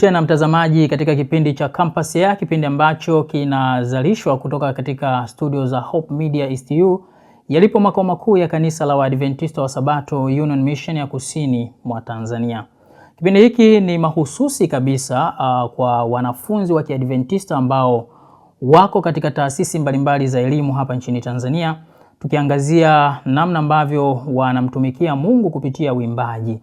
tena mtazamaji katika kipindi cha Campus Air, kipindi ambacho kinazalishwa kutoka katika studio za Hope Media STU yalipo makao makuu ya kanisa la Waadventista wa Sabato Union Mission ya kusini mwa Tanzania. Kipindi hiki ni mahususi kabisa uh, kwa wanafunzi wa Kiadventista ambao wako katika taasisi mbalimbali za elimu hapa nchini Tanzania, tukiangazia namna ambavyo wanamtumikia Mungu kupitia uimbaji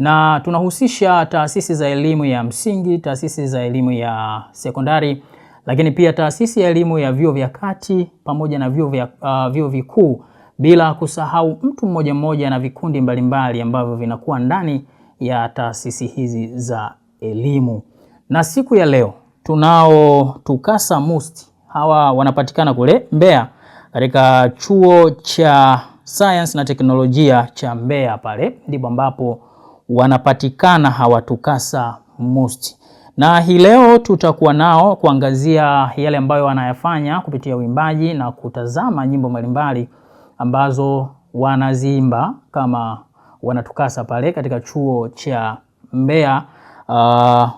na tunahusisha taasisi za elimu ya msingi, taasisi za elimu ya sekondari, lakini pia taasisi ya elimu ya vyuo vya kati pamoja na vyuo vya uh, vyuo vikuu, bila kusahau mtu mmoja mmoja na vikundi mbalimbali ambavyo vinakuwa ndani ya taasisi hizi za elimu. Na siku ya leo tunao Tukasa MUST, hawa wanapatikana kule Mbeya katika chuo cha sayansi na teknolojia cha Mbeya pale ndipo ambapo wanapatikana hawatukasa most Na hii leo tutakuwa nao kuangazia yale ambayo wanayafanya kupitia uimbaji na kutazama nyimbo mbalimbali ambazo wanaziimba kama wanatukasa pale katika chuo cha Mbeya, uh,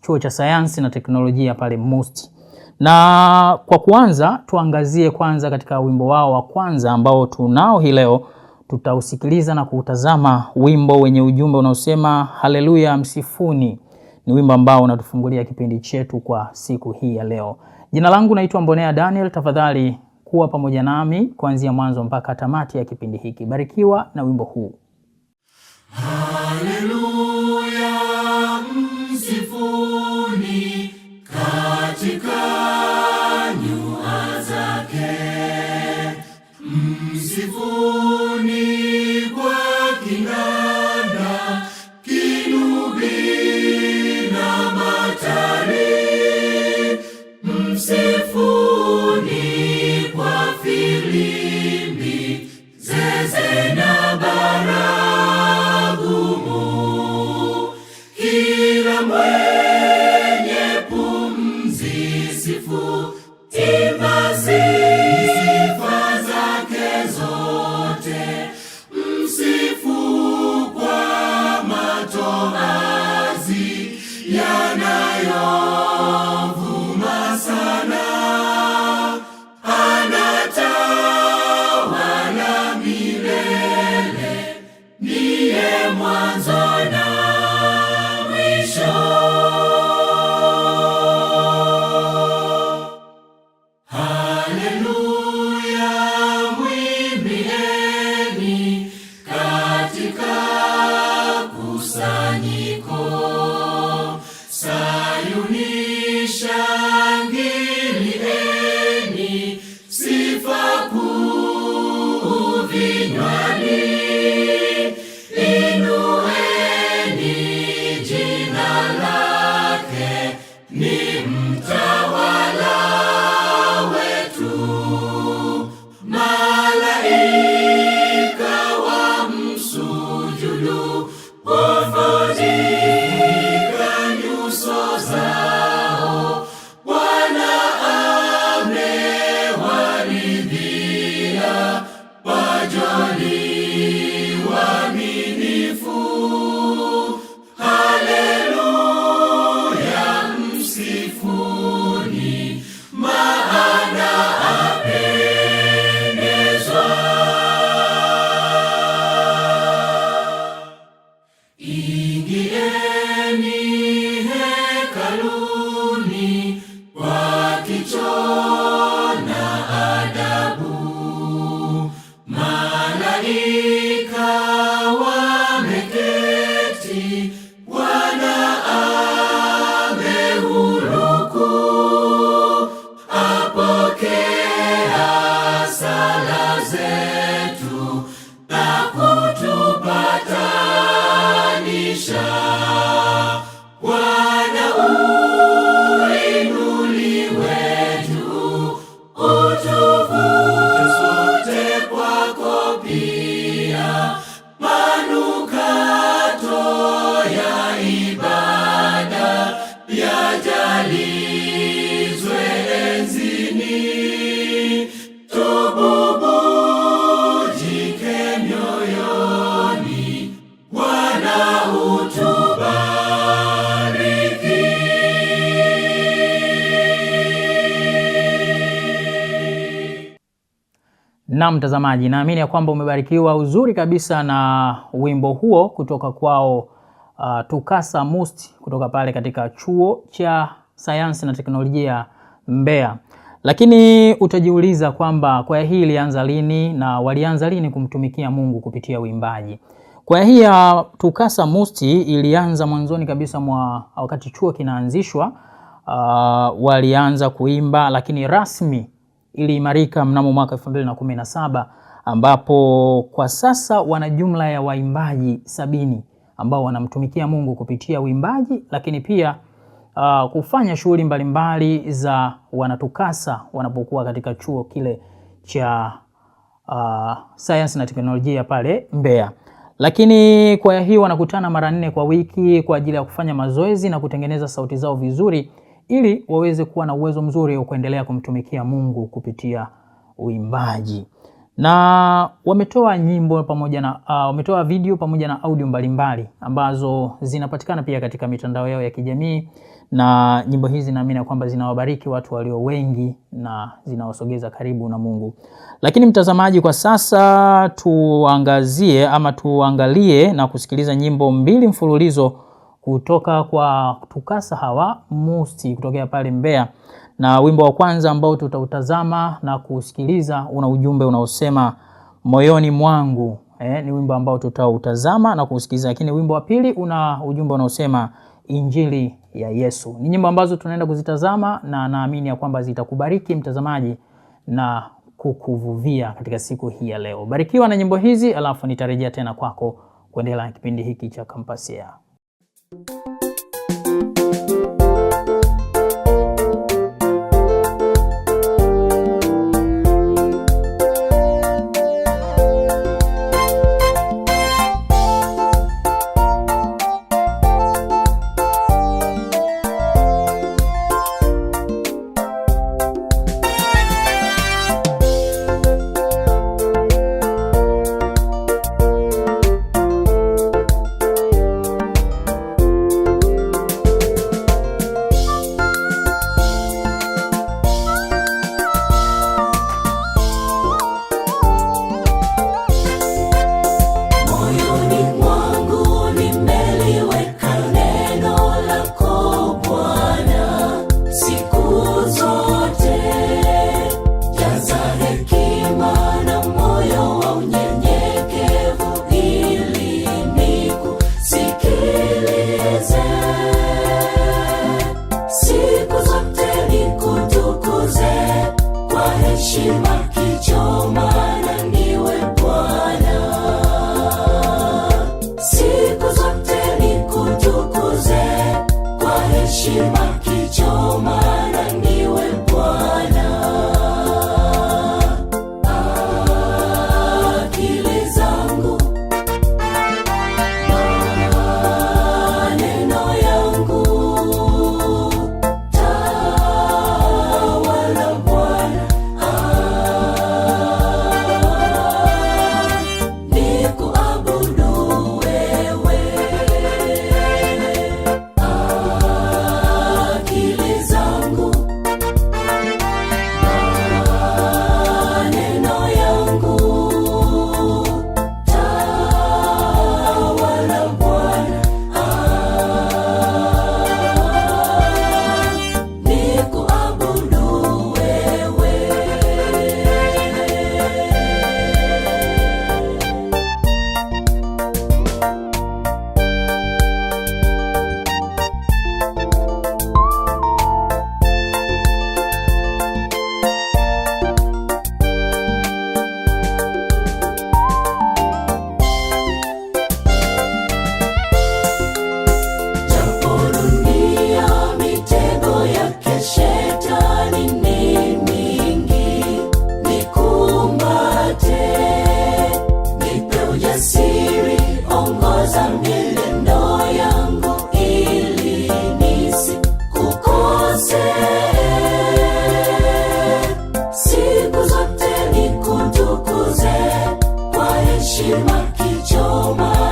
chuo cha sayansi na teknolojia pale Must. Na kwa kuanza tuangazie kwanza katika wimbo wao wa kwanza ambao tunao hii leo tutausikiliza na kuutazama wimbo wenye ujumbe unaosema haleluya, msifuni. Ni wimbo ambao unatufungulia kipindi chetu kwa siku hii ya leo. Jina langu naitwa Mbonea Daniel. Tafadhali kuwa pamoja nami kuanzia mwanzo mpaka tamati ya kipindi hiki. Barikiwa na wimbo huu haleluya, msifuni katika nyua zake msifuni Morning. Na mtazamaji, naamini ya kwamba umebarikiwa uzuri kabisa na wimbo huo kutoka kwao uh, Tukasa Must kutoka pale katika chuo cha sayansi na teknolojia Mbeya. Lakini utajiuliza kwamba kwaya hii ilianza lini na walianza lini kumtumikia Mungu kupitia uimbaji. Kwaya hii ya Tukasa Must ilianza mwanzoni kabisa mwa wakati chuo kinaanzishwa, uh, walianza kuimba, lakini rasmi iliimarika mnamo mwaka 2017 ambapo kwa sasa wana jumla ya waimbaji sabini ambao wanamtumikia Mungu kupitia uimbaji, lakini pia uh, kufanya shughuli mbalimbali za wanatukasa wanapokuwa katika chuo kile cha uh, sayansi na teknolojia pale Mbeya. Lakini kwaya hii wanakutana mara nne kwa wiki kwa ajili ya kufanya mazoezi na kutengeneza sauti zao vizuri ili waweze kuwa na uwezo mzuri wa kuendelea kumtumikia Mungu kupitia uimbaji na wametoa nyimbo pamoja na uh, wametoa video pamoja na audio mbalimbali mbali, ambazo zinapatikana pia katika mitandao yao ya kijamii. Na nyimbo hizi naamini kwamba zinawabariki watu walio wengi na zinawasogeza karibu na Mungu. Lakini mtazamaji, kwa sasa tuangazie ama tuangalie na kusikiliza nyimbo mbili mfululizo kutoka kwa TUCASA hawa Musti kutokea pale Mbeya, na wimbo wa kwanza ambao tutautazama na kusikiliza una ujumbe unaosema moyoni mwangu. Eh, ni wimbo ambao tutautazama na kusikiliza, lakini wimbo wa pili una ujumbe unaosema injili ya Yesu. Ni nyimbo ambazo tunaenda kuzitazama na naamini ya kwamba zitakubariki mtazamaji na kukuvuvia katika siku hii ya leo. Barikiwa na nyimbo hizi, alafu nitarejea tena kwako kuendelea na kipindi hiki cha Campus Air. Thank you choma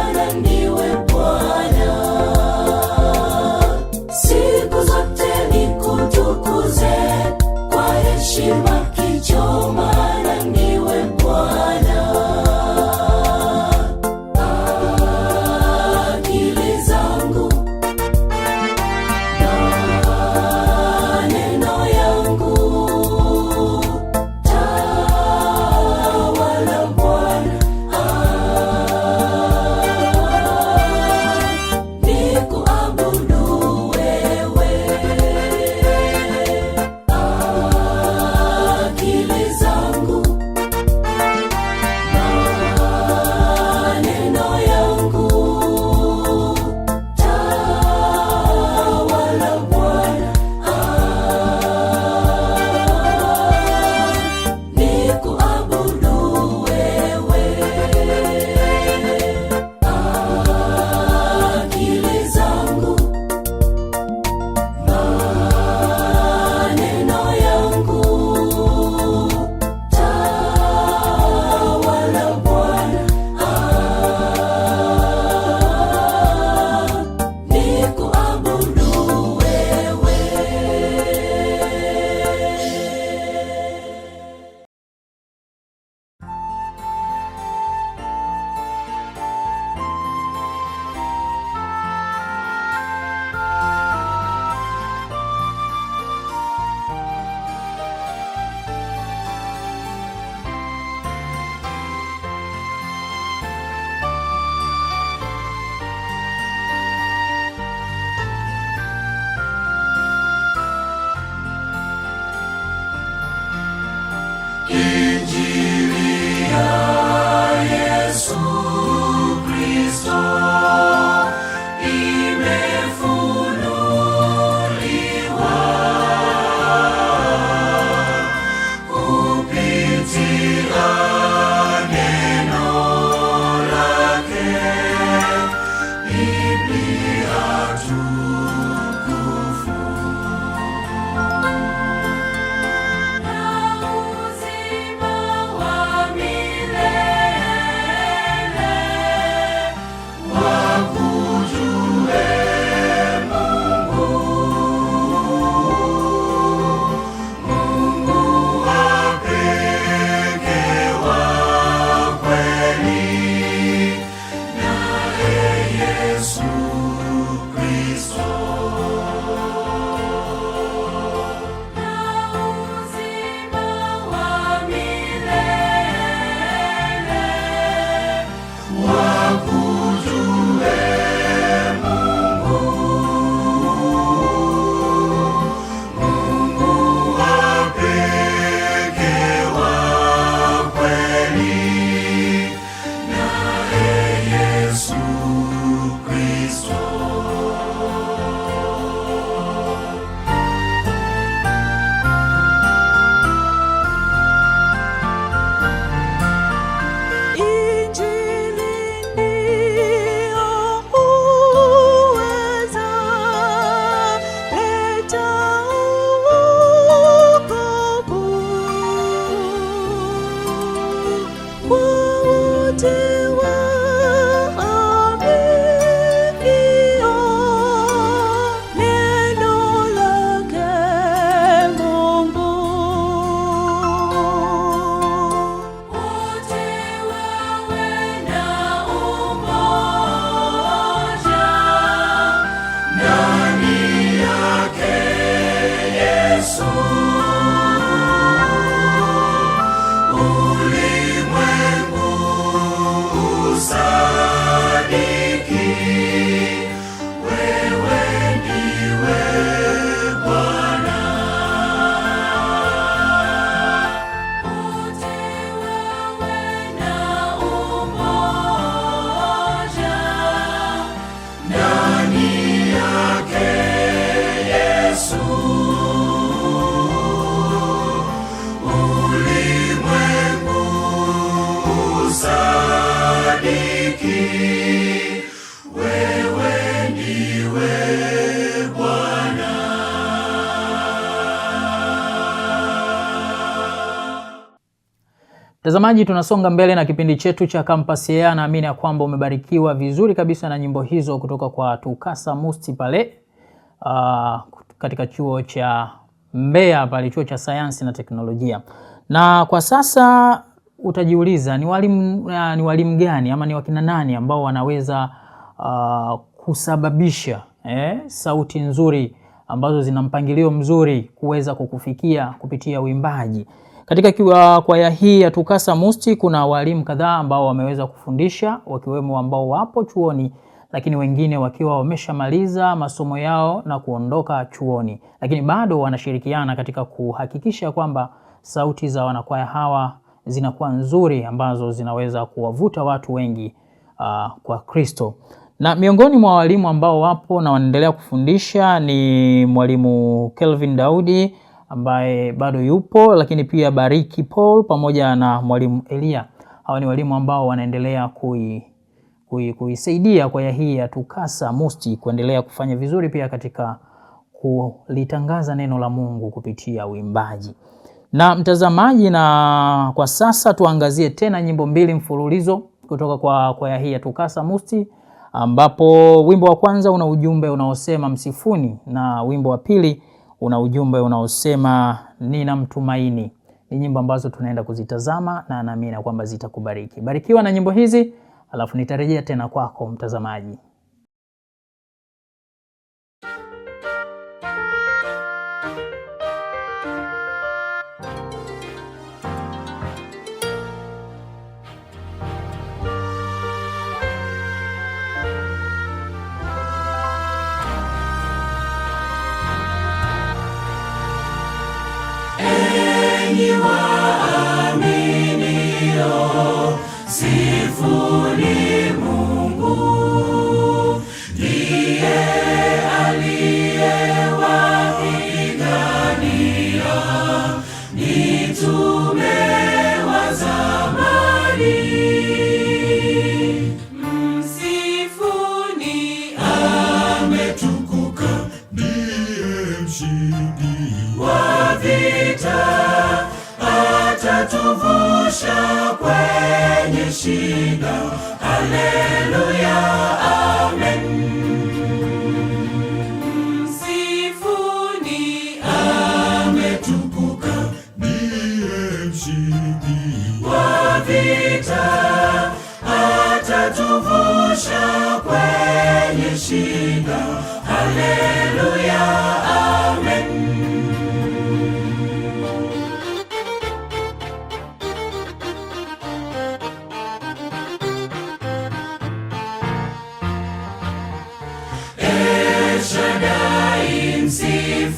Mtazamaji, tunasonga mbele na kipindi chetu cha Campus Air. Naamini ya kwamba umebarikiwa vizuri kabisa na nyimbo hizo kutoka kwa Tukasa Musti pale uh, katika chuo cha Mbeya pale chuo cha sayansi na teknolojia. Na kwa sasa utajiuliza ni walimu uh, ni walimu gani ama ni wakina nani ambao wanaweza uh, kusababisha eh, sauti nzuri ambazo zina mpangilio mzuri kuweza kukufikia kupitia uimbaji. Katika ah, kwaya hii ya TUCASA Musti kuna walimu kadhaa ambao wameweza kufundisha wakiwemo ambao wapo chuoni lakini wengine wakiwa wameshamaliza masomo yao na kuondoka chuoni, lakini bado wanashirikiana katika kuhakikisha kwamba sauti za wanakwaya hawa zinakuwa nzuri ambazo zinaweza kuwavuta watu wengi uh, kwa Kristo. Na miongoni mwa walimu ambao wapo na wanaendelea kufundisha ni mwalimu Kelvin Daudi ambaye bado yupo, lakini pia Bariki Paul pamoja na mwalimu Elia. Hawa ni walimu ambao wanaendelea kui kuisaidia kwaya hii ya TUCASA MUST kuendelea kufanya vizuri pia katika kulitangaza neno la Mungu kupitia uimbaji na mtazamaji. Na kwa sasa tuangazie tena nyimbo mbili mfululizo kutoka kwa kwaya hii ya TUCASA MUST, ambapo wimbo wa kwanza una ujumbe unaosema msifuni na wimbo wa pili una ujumbe unaosema mtumaini Ni nyimbo ambazo tunaenda kuzitazama na naamini kwamba zitakubariki. Barikiwa na nyimbo hizi, alafu nitarejea tena kwako mtazamaji. wengi waaminio, oh, sifuni Yeah.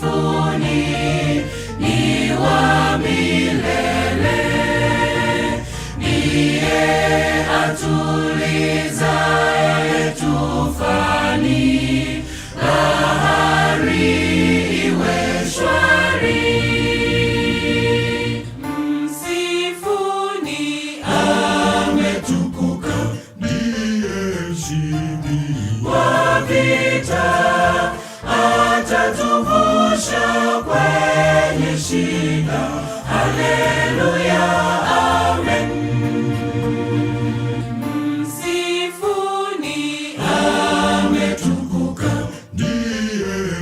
mbinguni ni wami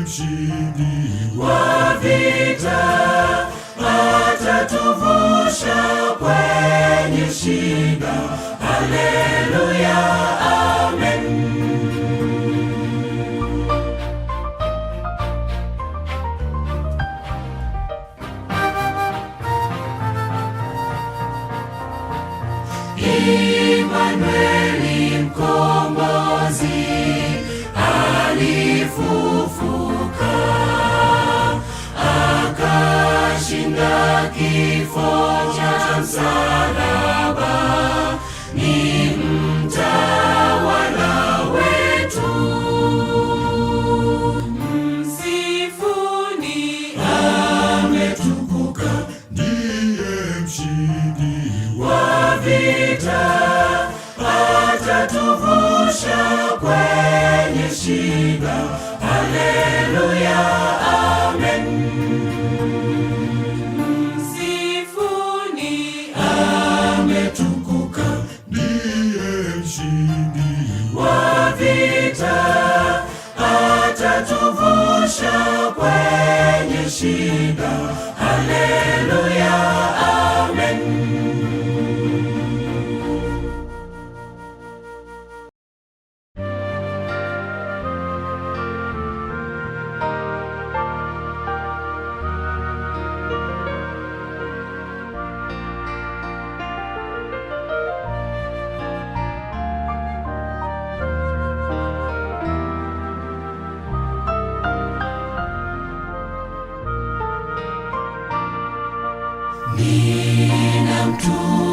mshindi wa vita, atatuvusha kwenye shida. Haleluya! ni mtawala wetu. Msifuni, ametukuka, ndiye mshindi atatuvusha kwenye shida. Haleluya! kwenye shida. Haleluya. 主。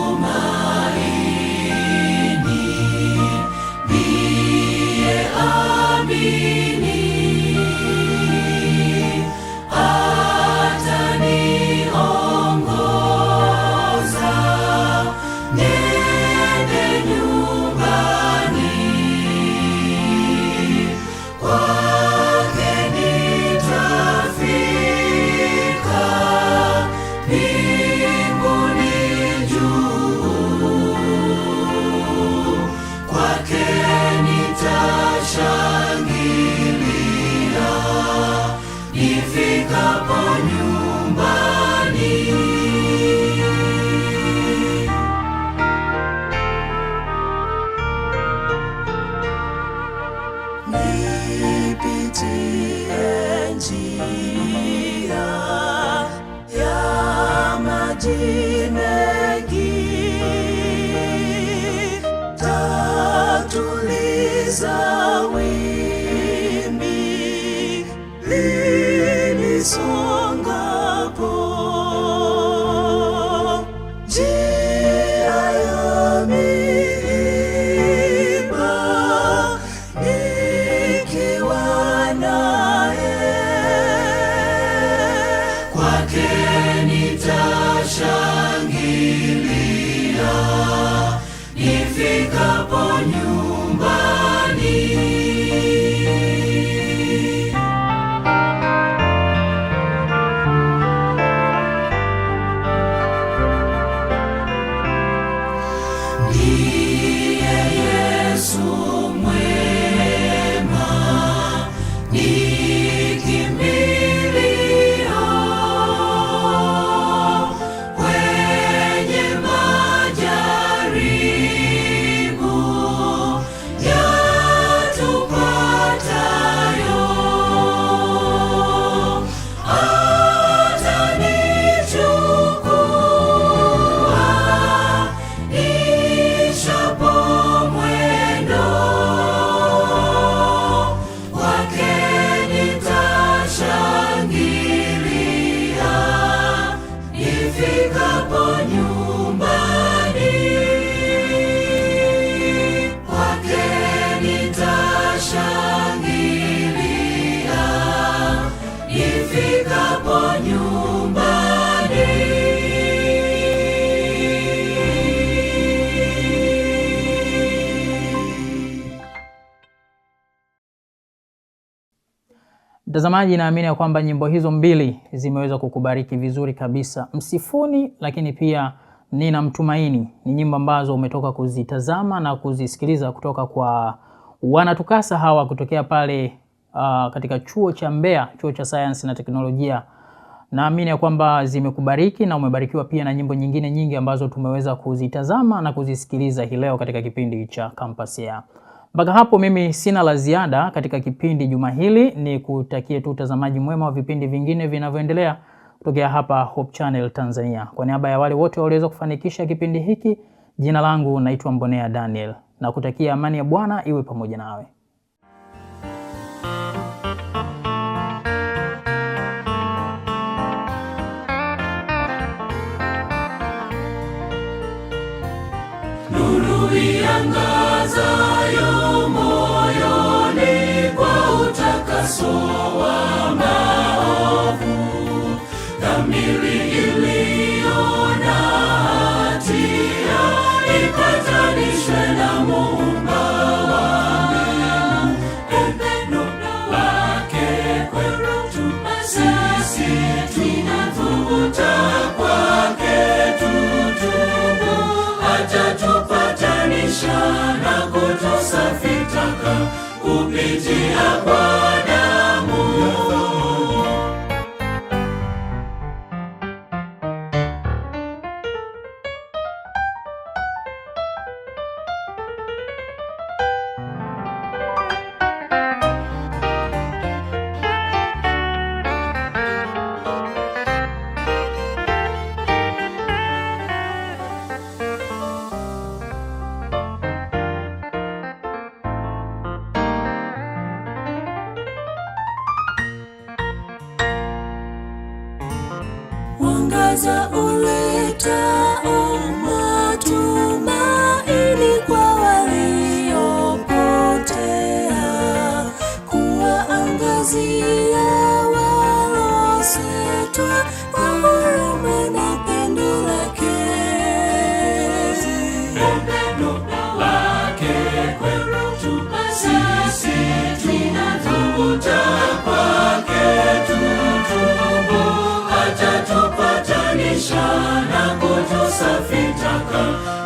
Mtazamaji, naamini ya kwamba nyimbo hizo mbili zimeweza kukubariki vizuri kabisa, Msifuni lakini pia Nina Mtumaini. Ni nyimbo ambazo umetoka kuzitazama na kuzisikiliza kutoka kwa wanatukasa hawa kutokea pale uh, katika chuo cha Mbeya, chuo cha sayansi na teknolojia. Naamini ya kwamba zimekubariki na umebarikiwa pia na nyimbo nyingine nyingi ambazo tumeweza kuzitazama na kuzisikiliza hii leo katika kipindi cha Campus Air. Mpaka hapo mimi sina la ziada katika kipindi juma hili, ni kutakie tu utazamaji mwema wa vipindi vingine vinavyoendelea kutokea hapa Hope Channel Tanzania. Kwa niaba ya wale wote walioweza kufanikisha kipindi hiki, jina langu naitwa Mbonea Daniel na kutakia amani ya Bwana iwe pamoja nawe. njia kwa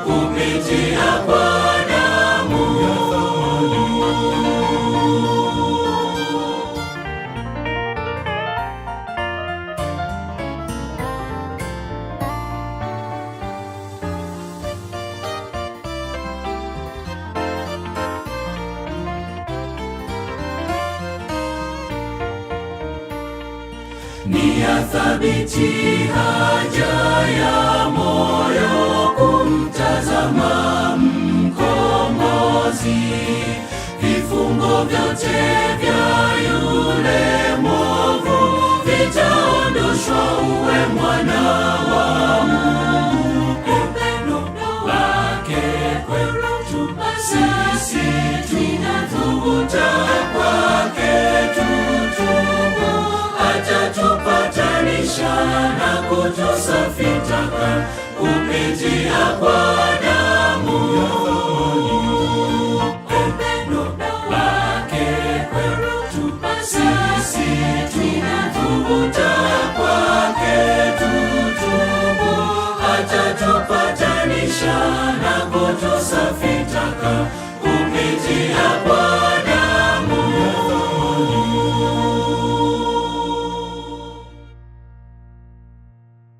kupitia vifungo vyote vya yule mwovu vitaondoshwa, uwe mwana wa Mungu. Upendo wake kwetu sisi tunathubutu, kwake tutubu, atatupatanisha na kutusafi taka kupitia kwa damu kuja kwake tutubu, acha tupatanisha na kutusafi taka kupitia